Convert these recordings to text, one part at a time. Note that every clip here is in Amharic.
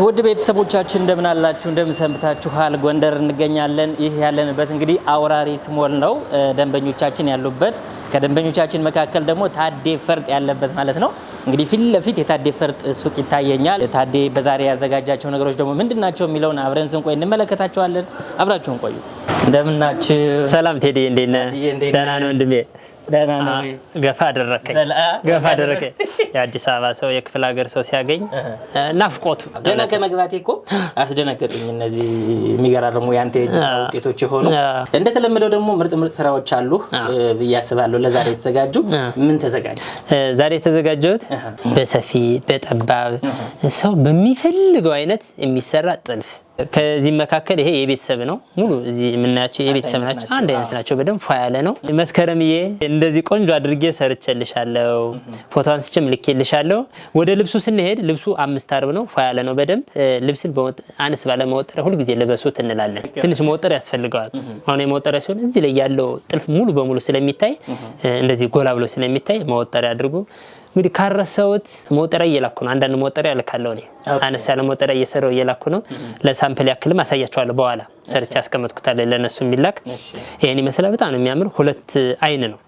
ውድ ቤተሰቦቻችን እንደምን አላችሁ? እንደምን ሰንብታችኋል? ጎንደር እንገኛለን። ይህ ያለንበት እንግዲህ አውራሪ ስሞል ነው ደንበኞቻችን ያሉበት። ከደንበኞቻችን መካከል ደግሞ ታዴ ፈርጥ ያለበት ማለት ነው። እንግዲህ ፊት ለፊት የታዴ ፈርጥ ሱቅ ይታየኛል። ታዴ በዛሬ ያዘጋጃቸው ነገሮች ደግሞ ምንድን ናቸው የሚለውን አብረን ስንቆይ እንመለከታቸዋለን። አብራችሁን ቆዩ። እንደምናችሁ። ሰላም ቴዲ፣ እንዴት ነህ? ደህና ነው ወንድሜ ገፋ አደረከኝ፣ ገፋ አደረከኝ። የአዲስ አበባ ሰው የክፍለ ሀገር ሰው ሲያገኝ ናፍቆቱ ገና ከመግባቴ እኮ አስደነገጡኝ። እነዚህ የሚገራርሙ የአንተ የእጅ ውጤቶች የሆኑ እንደተለመደው ደግሞ ምርጥ ምርጥ ስራዎች አሉ ብዬ አስባለሁ። ለዛሬ የተዘጋጁ ምን ተዘጋጀ? ዛሬ የተዘጋጀሁት በሰፊ በጠባብ ሰው በሚፈልገው አይነት የሚሰራ ጥልፍ ከዚህ መካከል ይሄ የቤተሰብ ነው። ሙሉ እዚህ የምናያቸው የቤተሰብ ናቸው። አንድ አይነት ናቸው። በደንብ ፏ ያለ ነው። መስከረምዬ እንደዚህ ቆንጆ አድርጌ ሰርቼልሻለሁ፣ ፎቶ አንስቼም ልኬልሻለሁ። ወደ ልብሱ ስንሄድ ልብሱ አምስት አርብ ነው። ፏ ያለ ነው። በደንብ ልብስን አነስ ባለ መወጠሪያ ሁልጊዜ ልበሱት እንላለን። ትንሽ መወጠሪያ ያስፈልገዋል። አሁን የመወጠሪያ ሲሆን እዚህ ላይ ያለው ጥልፍ ሙሉ በሙሉ ስለሚታይ እንደዚህ ጎላ ብሎ ስለሚታይ መወጠሪያ አድርጉ። እንግዲህ ካረሰውት መውጠሪያ እየላኩ ነው። አንዳንድ መውጠሪያ እልካለሁ እኔ አነስ ያለ መውጠሪያ እየሰራው እየላኩ ነው። ለሳምፕል ያክልም አሳያቸዋለሁ። በኋላ ሰርች ያስቀመጥኩታለሁ ለእነሱ የሚላክ ይህን ይመስላል። በጣም የሚያምር ሁለት አይን ነው።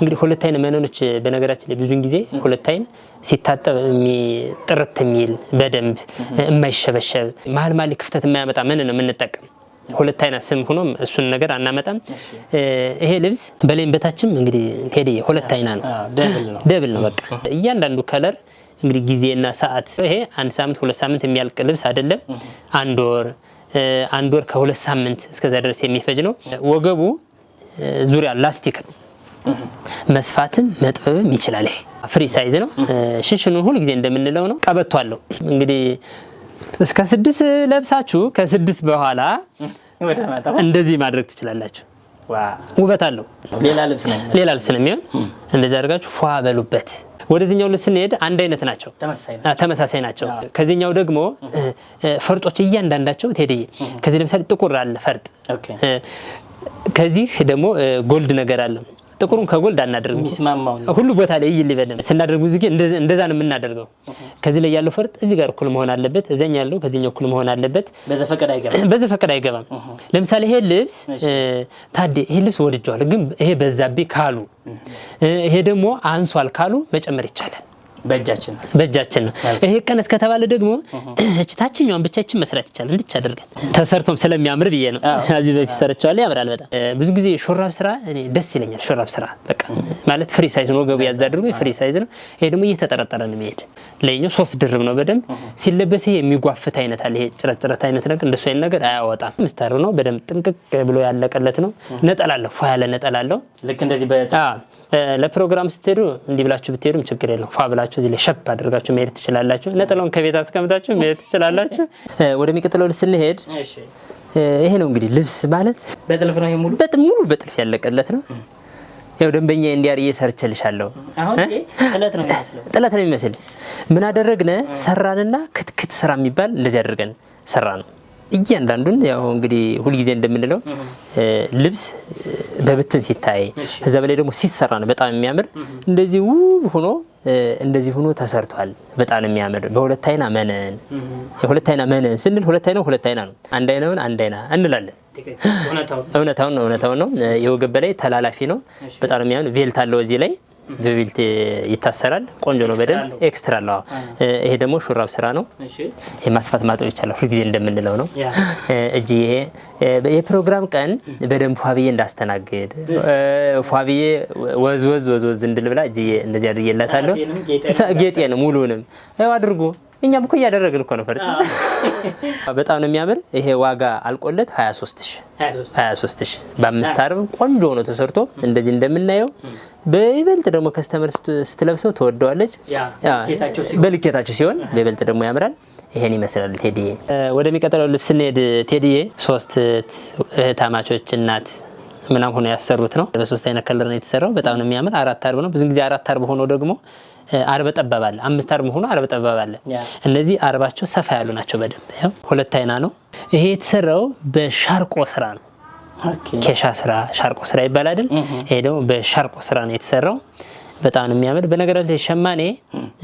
እንግዲህ ሁለት አይን መነኖች በነገራችን ላይ ብዙን ጊዜ ሁለት አይን ሲታጠብ ጥርት የሚል በደንብ የማይሸበሸብ መሀል መሀል ክፍተት የማያመጣ ምን ነው የምንጠቀም ሁለት አይነት ስም ሆኖም እሱን ነገር አናመጣም። ይሄ ልብስ በላይም በታችም እንግዲህ ቴዲ ሁለት አይና ነው፣ ደብል ነው። በቃ እያንዳንዱ ከለር እንግዲህ ጊዜና ሰዓት ይሄ አንድ ሳምንት ሁለት ሳምንት የሚያልቅ ልብስ አይደለም። አንድ ወር አንድ ወር ከሁለት ሳምንት እስከዛ ድረስ የሚፈጅ ነው። ወገቡ ዙሪያ ላስቲክ ነው። መስፋትም መጥበብም ይችላል። ይሄ ፍሪ ሳይዝ ነው። ሽንሽኑን ሁል ጊዜ እንደምንለው ነው። ቀበቶ አለው እንግዲህ እስከ ስድስት ለብሳችሁ ከስድስት በኋላ እንደዚህ ማድረግ ትችላላችሁ። ውበት አለው። ሌላ ልብስ ነው የሚሆን። እንደዚህ አድርጋችሁ ፏ በሉበት። ወደዚህኛው ልብስ ስንሄድ አንድ አይነት ናቸው፣ ተመሳሳይ ናቸው። ከዚህኛው ደግሞ ፈርጦች እያንዳንዳቸው ትሄድዬ ከዚህ ለምሳሌ ጥቁር አለ ፈርጥ፣ ከዚህ ደግሞ ጎልድ ነገር አለ ጥቁሩን ከጎልድ አናደርግ ሁሉ ቦታ ላይ ይል ሊበለ ስናደርግ ብዙ ጊዜ እንደዛ ነው የምናደርገው። ከዚህ ላይ ያለው ፈርጥ እዚህ ጋር እኩል መሆን አለበት፣ እዛኛ ያለው ከዚህኛው እኩል መሆን አለበት። በዘፈቀድ አይገባም። ለምሳሌ ይሄ ልብስ ታዴ ይሄ ልብስ ወድጀዋል፣ ግን ይሄ በዛቤ ካሉ ይሄ ደግሞ አንሷል ካሉ መጨመር ይቻላል። በእጃችን ነው። ይሄ ቀን እስከተባለ ደግሞ እች ታችኛውን ብቻችን መስራት ይቻላል። እንድች አደርጋል ተሰርቶም ስለሚያምር ብዬ ነው። እዚህ በፊት ሰርቼዋለሁ። ያምራል በጣም ብዙ ጊዜ ሹራብ ስራ እኔ ደስ ይለኛል። ሹራብ ስራ በቃ ማለት ፍሪ ሳይዝ ነው፣ ወገቡ ያዝ አድርጎ ፍሪ ሳይዝ ነው። ይሄ ደግሞ እየተጠረጠረ ነው የሚሄድ። ለኛው ሶስት ድርብ ነው በደንብ ሲለበስ ይሄ የሚጓፍት አይነት አለ። ይሄ ጭረጭረት አይነት ነገር እንደሱ አይነት ነገር አያወጣም። ምስታሩ ነው በደንብ ጥንቅቅ ብሎ ያለቀለት ነው። ነጠላለሁ ፏ ያለ ነጠላለሁ ልክ እንደዚህ በጣም ለፕሮግራም ስትሄዱ እንዲህ ብላችሁ ብትሄዱም ችግር የለው። ፏ ብላችሁ እዚህ ላይ ሸፕ አድርጋችሁ መሄድ ትችላላችሁ። ነጠላውን ከቤት አስቀምጣችሁ መሄድ ትችላላችሁ። ወደሚቀጥለው ስንሄድ ይሄ ነው እንግዲህ ልብስ ማለት በጥልፍ ነው። ሙሉ ሙሉ በጥልፍ ያለቀለት ነው። ያው ደንበኛ እንዲያር እየሰርችልሻለሁ ጥለት ነው የሚመስል ምን አደረግነ ሰራንና ክትክት ስራ የሚባል እንደዚህ አድርገን ሰራ ነው። እያንዳንዱን ያው እንግዲህ ሁልጊዜ እንደምንለው ልብስ በብትን ሲታይ ከዛ በላይ ደግሞ ሲሰራ ነው በጣም የሚያምር እንደዚህ ውብ ሆኖ እንደዚህ ሆኖ ተሰርቷል። በጣም የሚያምር በሁለት አይና መነን ሁለት አይና መነን ስንል ሁለት አይና ሁለት አይና ነው። አንድ አይናውን አንድ አይና እንላለን። እውነታውን ነው እውነታውን ነው። የወገብ በላይ ተላላፊ ነው። በጣም የሚያምር ቬልት አለው እዚህ ላይ በቢልት ይታሰራል። ቆንጆ ነው። በደንብ ኤክስትራ አለው። ይሄ ደግሞ ሹራብ ስራ ነው። ማስፋት ማጠብ ይቻላል። ሁልጊዜ እንደምንለው ነው እጅ ይሄ የፕሮግራም ቀን በደንብ ፏብዬ እንዳስተናግድ ፏብዬ ወዝ ወዝ ወዝ ወዝ እንድል እጅ እንደዚህ አድርጌላታለሁ። ጌጤ ነው ሙሉንም አድርጉ እኛም እኮ እያደረግን እኮ ነው። ፈርጥ በጣም ነው የሚያምር። ይሄ ዋጋ አልቆለት 23 23000 በአምስት አርብ ቆንጆ ሆኖ ተሰርቶ እንደዚህ እንደምናየው በይበልጥ ደግሞ ከስተመር ስትለብሰው ተወደዋለች። በልኬታቸው ሲሆን በይበልጥ ደግሞ ያምራል። ይሄን ይመስላል ቴዲዬ። ወደሚቀጥለው ልብስ ስንሄድ ቴዲዬ ሶስት እህታማቾች እናት ምናም ሆኖ ያሰሩት ነው። በሶስት አይነት ከለር ነው የተሰራው። በጣም ነው የሚያምር። አራት አርብ ነው ብዙ ጊዜ አራት አርብ ሆኖ ደግሞ አርበ ጠባብ አለ። አምስት አርብ ሆኖ አርበ ጠባብ አለ። እነዚህ አርባቸው ሰፋ ያሉ ናቸው። በደንብ ሁለት አይና ነው። ይሄ የተሰራው በሻርቆ ስራ ነው። ኬሻ ስራ ሻርቆ ስራ ይባላል አይደል? ይሄ ደግሞ በሻርቆ ስራ ነው የተሰራው በጣም ነው የሚያምር። በነገራችን ላይ ሸማኔ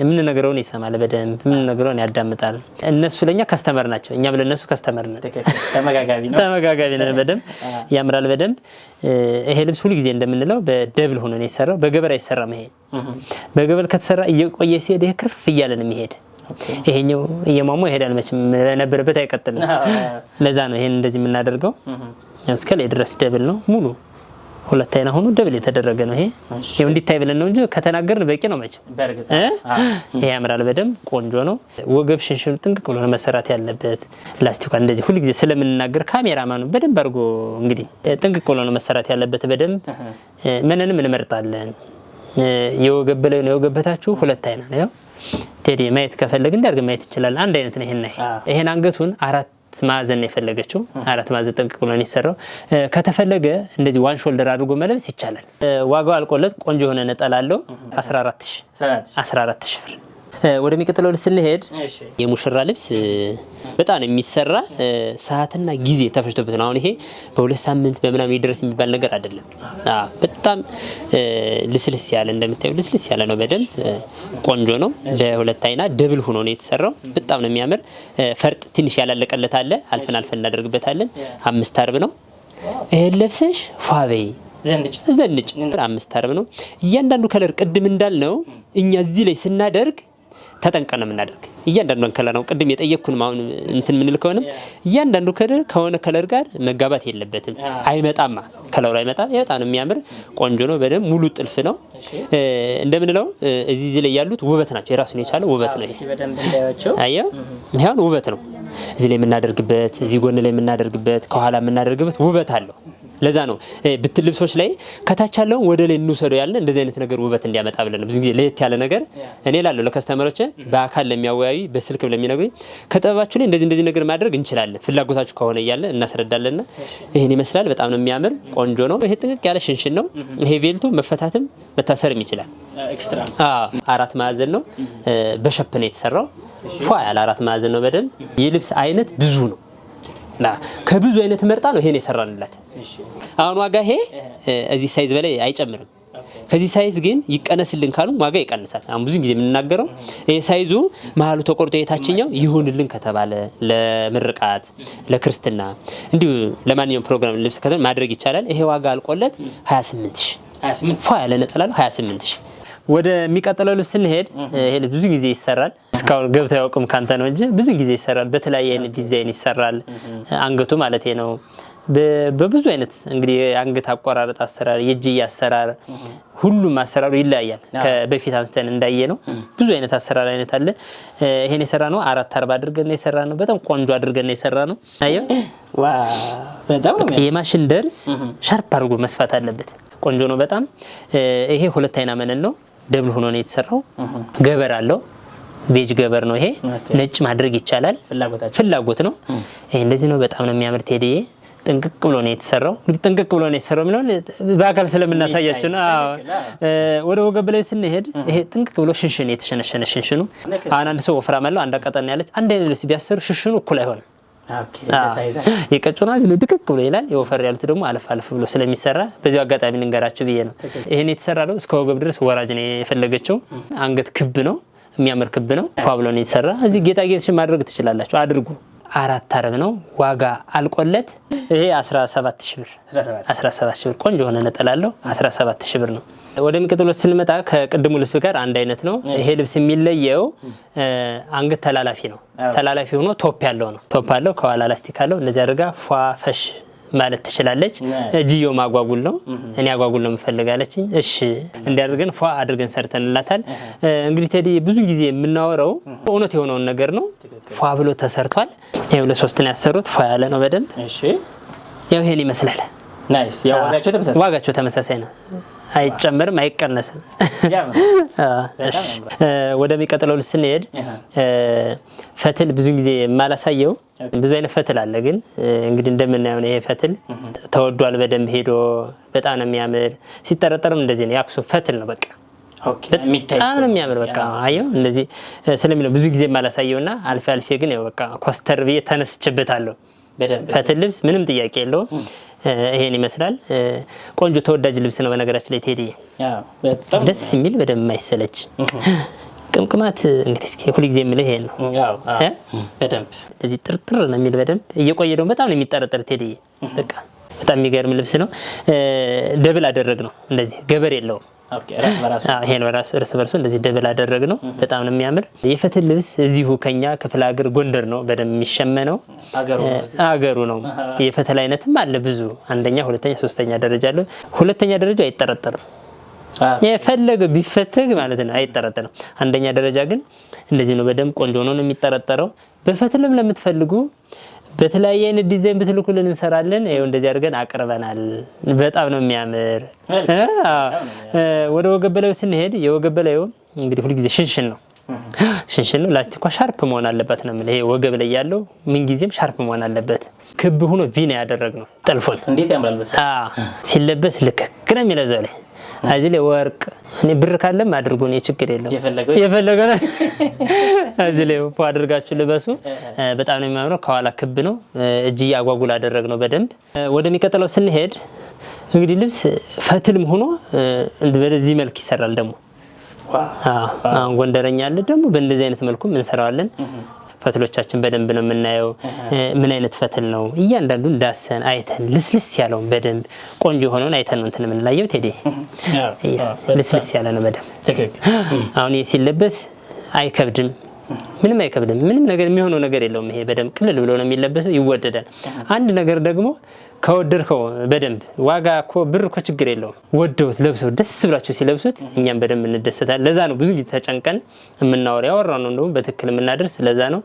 የምንነግረውን ይሰማል በደንብ የምንነግረውን ያዳምጣል። እነሱ ለእኛ ከስተመር ናቸው፣ እኛም ለእነሱ ከስተመር ነን። ተመጋጋቢ ነን። በደንብ ያምራል። በደንብ ይሄ ልብስ ሁልጊዜ እንደምንለው በደብል ሆኖ ነው በገበር አይሰራም። ይሄ በገበር ከተሰራ እየቆየ ሲሄድ ይሄ ክርፍ እያለን የሚሄድ ይሄኛው እየሟሟ ይሄዳል። መቼም ለነበረበት አይቀጥልም። ለዛ ነው ይሄን እንደዚህ የምናደርገው። እስከላይ ድረስ ደብል ነው ሙሉ ሁለት አይና ሆኖ ደብል የተደረገ ነው። ይሄ ይሄው እንዲታይ ብለን ነው እንጂ ከተናገርን በቂ ነው። መቼም ይሄ ያምራል፣ በደንብ ቆንጆ ነው። ወገብ ሽንሽኑ ጥንቅቅ ብሎ ነው መሰራት ያለበት። ላስቲኳ እንደዚህ ሁልጊዜ ስለምንናገር ካሜራማኑ በደንብ አድርጎ እንግዲህ ጥንቅቅ ብሎ ነው መሰራት ያለበት። በደንብ ምንንም እንመርጣለን። የወገብ ላይ ነው የወገበታችሁ ሁለት አይና ነው። ቴዲ ማየት ከፈለግ እንዳርገ ማየት ይችላል። አንድ አይነት ነው። ይሄን ይሄን አንገቱን አራት ማዕዘን ነው የፈለገችው። አራት ማዕዘን ጥንቅቅ ብሎ ነው ከተፈለገ እንደዚህ ዋን ሾልደር አድርጎ መለብስ ይቻላል። ዋጋው አልቆለት ቆንጆ የሆነ ነጠላ አለው። 14 ሺህ ብር ወደሚቀጥለው ስንሄድ የሙሽራ ልብስ በጣም የሚሰራ ሰዓትና ጊዜ ተፈጅቶበት ነው። አሁን ይሄ በሁለት ሳምንት በምናም ይደረስ የሚባል ነገር አይደለም። በጣም ልስልስ ያለ እንደምታዩ ልስልስ ያለ ነው። በደንብ ቆንጆ ነው። በሁለት አይና ደብል ሆኖ ነው የተሰራው። በጣም ነው የሚያምር። ፈርጥ ትንሽ ያላለቀለት አለ። አልፈን አልፈን እናደርግበታለን። አምስት አርብ ነው። ይህን ለብሰሽ ፏበይ ዘንጭ። አምስት አርብ ነው። እያንዳንዱ ከለር ቅድም እንዳልነው እኛ እዚህ ላይ ስናደርግ ተጠንቀን ነው የምናደርግ። እያንዳንዷን ከለር ነው ቅድም የጠየቅኩን አሁን እንትን ምንል ከሆንም እያንዳንዱ ከለር ከሆነ ከለር ጋር መጋባት የለበትም። አይመጣማ ከለሩ አይመጣ በጣም ነው የሚያምር ቆንጆ ነው። በደንብ ሙሉ ጥልፍ ነው እንደምንለው። እዚህ እዚህ ላይ ያሉት ውበት ናቸው። የራሱን የቻለ ውበት ነው። አየው ይሄውን ውበት ነው እዚህ ላይ የምናደርግበት፣ እዚህ ጎን ላይ የምናደርግበት፣ ከኋላ የምናደርግበት ውበት አለው። ለዛ ነው ብትን ልብሶች ላይ ከታች ያለውን ወደ ላይ እንውሰደው ያለን እንደዚህ አይነት ነገር ውበት እንዲያመጣ ብለን ብዙ ጊዜ ለየት ያለ ነገር እኔ ላለው ለከስተመሮች በአካል ለሚያወያዩ በስልክ ለሚነግሩኝ ከጥበባችሁ ላይ እንደዚህ እንደዚህ ነገር ማድረግ እንችላለን ፍላጎታችሁ ከሆነ እያለ ና ይህን ይመስላል። በጣም ነው የሚያምር ቆንጆ ነው። ይሄ ጥቅቅ ያለ ሽንሽን ነው። ይሄ ቬልቱ መፈታትም መታሰርም ይችላል። አራት ማዕዘን ነው በሸፕ ነው የተሰራው። ፏ ያለ አራት ማዕዘን ነው። በደንብ የልብስ አይነት ብዙ ነው። ከብዙ አይነት መርጣ ነው ይሄን የሰራንላት። አሁን ዋጋ ይሄ እዚህ ሳይዝ በላይ አይጨምርም። ከዚህ ሳይዝ ግን ይቀነስልን ካሉ ዋጋ ይቀንሳል። አሁን ብዙ ጊዜ የምንናገረው ይሄ ሳይዙ መሀሉ ተቆርጦ የታችኛው ይሁንልን ከተባለ ለምርቃት፣ ለክርስትና፣ እንዲሁ ለማንኛውም ፕሮግራም ልብስ ማድረግ ይቻላል። ይሄ ዋጋ አልቆለት 28 ሺ ፏ ያለ ነጠላ 28 ሺ ወደ የሚቀጥለው ልብስ ስንሄድ ይሄ ልብስ ብዙ ጊዜ ይሰራል። እስካሁን ገብቶ ያውቅም ካንተ ነው እንጂ ብዙ ጊዜ ይሰራል። በተለያየ አይነት ዲዛይን ይሰራል። አንገቱ ማለት ነው በብዙ አይነት እንግዲህ አንገት አቆራረጥ አሰራር፣ የእጅዬ አሰራር፣ ሁሉም አሰራሩ ይለያያል። በፊት አንስተን እንዳየ ነው ብዙ አይነት አሰራር አይነት አለ። ይሄን የሰራ ነው አራት አርባ አድርገን የሰራ ነው። በጣም ቆንጆ አድርገን የሰራ ነው። የማሽን ደርዝ ሻርፕ አድርጎ መስፋት አለበት። ቆንጆ ነው በጣም ይሄ ሁለት አይና መነን ነው ደብል ሆኖ ነው የተሰራው። ገበር አለው። ቤጅ ገበር ነው ይሄ። ነጭ ማድረግ ይቻላል፣ ፍላጎት ነው። ይሄ እንደዚህ ነው። በጣም ነው የሚያምር ቴዲዬ። ጥንቅቅ ብሎ ነው የተሰራው። እንግዲህ ጥንቅቅ ብሎ ነው የተሰራው የሚለውን በአካል ስለምናሳያቸው ነው። ወደ ወገብ ላይ ስንሄድ ይሄ ጥንቅቅ ብሎ ሽንሽን የተሸነሸነ ሽንሽኑ፣ አንድ ሰው ወፍራም አለው፣ አንድ ቀጠን ያለች፣ አንድ አይነት ልብስ ቢያሰሩ ሽንሽኑ እኩል አይሆንም። የቀጮና ድቅቅ ብሎ ይላል። የወፈር ያሉት ደግሞ አለፍ አለፍ ብሎ ስለሚሰራ በዚሁ አጋጣሚ ልንገራቸው ብዬ ነው። ይህን የተሰራ ነው እስከ ወገብ ድረስ ወራጅ ነው የፈለገችው። አንገት ክብ ነው፣ የሚያምር ክብ ነው። ፏ ብሎ ነው የተሰራ። እዚህ ጌጣጌጥ ማድረግ ትችላላችሁ፣ አድርጉ። አራት አረብ ነው ዋጋ አልቆለት። ይሄ 17 ሺህ ብር ቆንጆ የሆነ ነጠላለው 17 ብር ነው። ወደሚቀጥለው ስንመጣ ከቅድሙ ልብስ ጋር አንድ አይነት ነው። ይሄ ልብስ የሚለየው አንገት ተላላፊ ነው። ተላላፊ ሆኖ ቶፕ ያለው ነው። ቶፕ አለው፣ ከኋላ ላስቲክ አለው። እንደዚህ አድርጋ ፏ ፈሽ ማለት ትችላለች። እጅዮ ማጓጉል ነው። እኔ አጓጉል ነው የምፈልጋለች። እሺ እንዲያደርገን ፏ አድርገን ሰርተንላታል። እንግዲህ ቴዲ ብዙ ጊዜ የምናወረው እውነት የሆነውን ነገር ነው። ፏ ብሎ ተሰርቷል። ይሄ ሁለት ነው ያሰሩት። ፏ ያለ ነው በደንብ ያው ይሄን ይመስላል። ዋጋቸው ተመሳሳይ ነው። አይጨምርም አይቀነስም። ወደሚቀጥለው ስንሄድ ፈትል ብዙ ጊዜ የማላሳየው ብዙ አይነት ፈትል አለ። ግን እንግዲህ እንደምናየው ይሄ ፈትል ተወዷል። በደንብ ሄዶ በጣም ነው የሚያምር። ሲጠረጠርም እንደዚህ ነው። የአክሱም ፈትል ነው በቃ በጣም ነው የሚያምር። በቃ አየው እንደዚህ ስለሚለው ብዙ ጊዜ የማላሳየው እና አልፌ አልፌ ግን በቃ ኮስተር ብዬ ተነስችበታለሁ ፈትል ልብስ ምንም ጥያቄ የለውም። ይሄን ይመስላል። ቆንጆ ተወዳጅ ልብስ ነው። በነገራችን ላይ ቴዲ ደስ የሚል በደንብ የማይሰለች ቅምቅማት እንግዲህ ጊዜ የምልህ ይሄን ነው። በደንብ እንደዚህ ጥርጥር ነው የሚል በደንብ እየቆየ ደግሞ በጣም ነው የሚጠረጠር ቴዲ በቃ በጣም የሚገርም ልብስ ነው። ደብል አደረግ ነው እንደዚህ ገበር የለውም ይሄን በራሱ እርስ በርሱ እንደዚህ ደብል አደረግ ነው። በጣም ነው የሚያምር የፈትል ልብስ። እዚሁ ከኛ ክፍለ ሀገር ጎንደር ነው በደንብ የሚሸመነው አገሩ ነው። የፈትል አይነትም አለ ብዙ፣ አንደኛ፣ ሁለተኛ፣ ሶስተኛ ደረጃ አለ። ሁለተኛ ደረጃ አይጠረጠርም። የፈለገ ቢፈትግ ማለት ነው አይጠረጠርም። አንደኛ ደረጃ ግን እንደዚህ ነው። በደንብ ቆንጆ ነው የሚጠረጠረው። በፈትልም ለምትፈልጉ በተለያየ አይነት ዲዛይን ብትልኩልን እንሰራለን። ይኸው እንደዚህ አድርገን አቅርበናል። በጣም ነው የሚያምር። ወደ ወገብ ስንሄድ የወገብ በላዩ እንግዲህ ሁልጊዜ ሽንሽን ነው ሽንሽን ነው። ላስቲኳ ሻርፕ መሆን አለበት ነው ይሄ ወገብ ላይ ያለው ምንጊዜም ሻርፕ መሆን አለበት። ክብ ሆኖ ቪ ነው ያደረግነው። ጥልፉን እንዴት ያምራል! ሲለበስ ልክክ ነው የሚለዘው ላይ እዚህ ላይ ወርቅ እኔ ብር ካለም አድርጉ፣ እኔ ችግር የለም። የፈለገ ነው። እዚህ ላይ አድርጋችሁ ልበሱ። በጣም ነው የሚያምረው። ከኋላ ክብ ነው። እጅ አጓጉል አደረግ ነው በደንብ። ወደሚቀጥለው ስንሄድ እንግዲህ ልብስ ፈትልም ሆኖ በዚህ መልክ ይሰራል ደግሞ አሁን ጎንደረኛ አለ ደግሞ በእንደዚህ አይነት መልኩም እንሰራዋለን። ፈትሎቻችን በደንብ ነው የምናየው። ምን አይነት ፈትል ነው እያንዳንዱን ዳሰን አይተን ልስልስ ያለውን በደንብ ቆንጆ የሆነውን አይተን ነው እንትን የምንላየው። ቴዲ ልስልስ ያለ ነው በደንብ አሁን ሲለበስ አይከብድም ምንም አይከብድም። ምንም ነገር የሚሆነው ነገር የለውም። ይሄ በደንብ ቅልል ብሎ ነው የሚለበሰው፣ ይወደዳል። አንድ ነገር ደግሞ ከወደድከው በደንብ ዋጋ እኮ ብር እኮ ችግር የለውም። ወደውት ለብሰው ደስ ብላቸው ሲለብሱት እኛም በደንብ እንደሰታል። ለዛ ነው ብዙ ጊዜ ተጨንቀን የምናወራ ያወራ ነው እንደውም በትክክል የምናደርስ ለዛ ነው።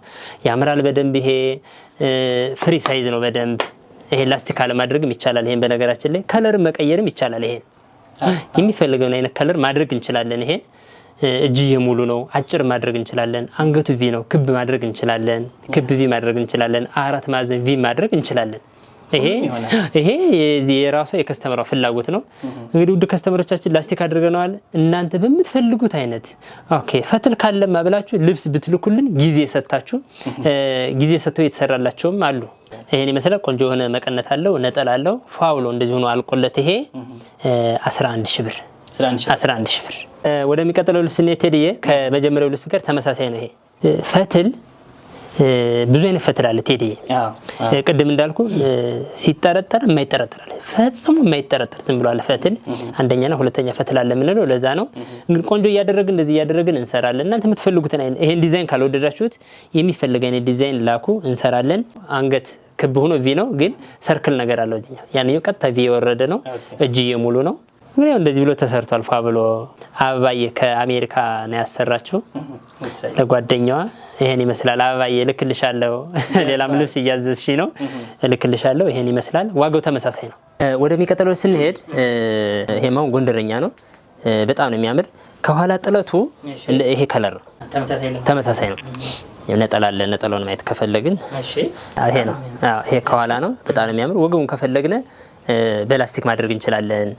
ያምራል በደንብ ይሄ ፍሪ ሳይዝ ነው በደንብ ይሄ ላስቲክ አለማድረግም ይቻላል። ይሄን በነገራችን ላይ ከለር መቀየርም ይቻላል። ይሄን የሚፈልገውን አይነት ከለር ማድረግ እንችላለን። ይሄን እጅዬ ሙሉ ነው። አጭር ማድረግ እንችላለን። አንገቱ ቪ ነው። ክብ ማድረግ እንችላለን። ክብ ቪ ማድረግ እንችላለን። አራት ማዕዘን ቪ ማድረግ እንችላለን። ይሄ ይሄ የራሷ የከስተመሯ ፍላጎት ነው። እንግዲህ ውድ ከስተመሮቻችን ላስቲክ አድርገነዋል። እናንተ በምትፈልጉት አይነት ኦኬ ፈትል ካለማ ብላችሁ ልብስ ብትልኩልን ጊዜ ሰጥታችሁ ጊዜ ሰጥተው የተሰራላቸውም አሉ። ይሄን ይመስላል። ቆንጆ የሆነ መቀነት አለው፣ ነጠላ አለው። ፏ እንደዚህ ሆኖ አልቆለት ይሄ 11 ሺህ ብር 11 ሺህ ብር ወደሚቀጥለው ልብስ ስንሄድ ቴድዬ ከመጀመሪያው ልብስ ጋር ተመሳሳይ ነው። ይሄ ፈትል ብዙ አይነት ፈትል አለ ቴድዬ። ቅድም እንዳልኩ ሲጠረጠር የማይጠረጠር አለ፣ ፈጽሞ የማይጠረጠር ዝም ብሎ አለ ፈትል። አንደኛና ሁለተኛ ፈትል አለ የምንለው ለዛ ነው። እንግዲህ ቆንጆ እያደረግን እንደዚህ እያደረግን እንሰራለን። እናንተ የምትፈልጉትን ይሄን ዲዛይን ካልወደዳችሁት የሚፈልግ አይነት ዲዛይን ላኩ፣ እንሰራለን። አንገት ክብ ሆኖ ቪ ነው፣ ግን ሰርክል ነገር አለው ያንኛው ቀጥታ ቪ የወረደ ነው፣ እጅዬ ሙሉ ነው። ምክንያቱ እንደዚህ ብሎ ተሰርቷል። ፏ ብሎ አበባዬ ከአሜሪካ ነው ያሰራችው ለጓደኛዋ ይሄን ይመስላል። አበባዬ እልክልሻለሁ፣ ሌላም ልብስ እያዘዝሽኝ ነው፣ እልክልሻለሁ። ይሄን ይመስላል። ዋጋው ተመሳሳይ ነው። ወደሚቀጥለው ስንሄድ ይሄማውን ጎንደረኛ ነው። በጣም ነው የሚያምር። ከኋላ ጥለቱ ይሄ ከለር ነው፣ ተመሳሳይ ነው። ነጠላ አለ። ነጠላውን ማየት ከፈለግን ይሄ ነው። ይሄ ከኋላ ነው። በጣም ነው የሚያምር። ወገቡን ከፈለግነ በላስቲክ ማድረግ እንችላለን።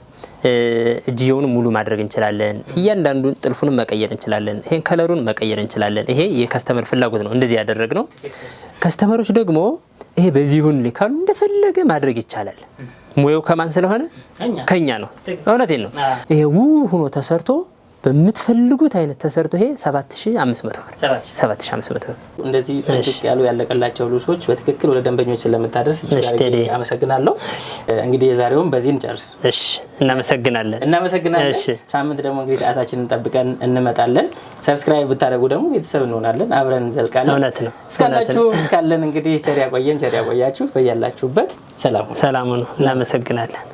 እጅየውን ሙሉ ማድረግ እንችላለን። እያንዳንዱን ጥልፉንም መቀየር እንችላለን። ይሄን ከለሩን መቀየር እንችላለን። ይሄ የከስተመር ፍላጎት ነው። እንደዚህ ያደረግ ነው። ከስተመሮች ደግሞ ይሄ በዚህ ይሁን ሊካሉ እንደፈለገ ማድረግ ይቻላል። ሙያው ከማን ስለሆነ ከኛ ነው። እውነቴን ነው። ይሄ ውብ ሆኖ ተሰርቶ በምትፈልጉት አይነት ተሰርቶ ይሄ 7500 ብር 7500 ብር። እንደዚህ ጥንቅቅ ያሉ ያለቀላቸው ልብሶች በትክክል ወደ ደንበኞች ስለምታደርስ አመሰግናለሁ። እንግዲህ የዛሬውን በዚህ እንጨርስ። እሺ፣ እናመሰግናለን፣ እናመሰግናለን። ሳምንት ደግሞ እንግዲህ ሰዓታችንን ጠብቀን እንመጣለን። ሰብስክራይብ ብታደርጉ ደግሞ ቤተሰብ እንሆናለን፣ አብረን እንዘልቃለን። እውነት ነው። እስካላችሁ እስካለን እንግዲህ ቸር ያቆየን፣ ቸር ያቆያችሁ። በያላችሁበት ሰላሙ ሰላሙ ነው። እናመሰግናለን።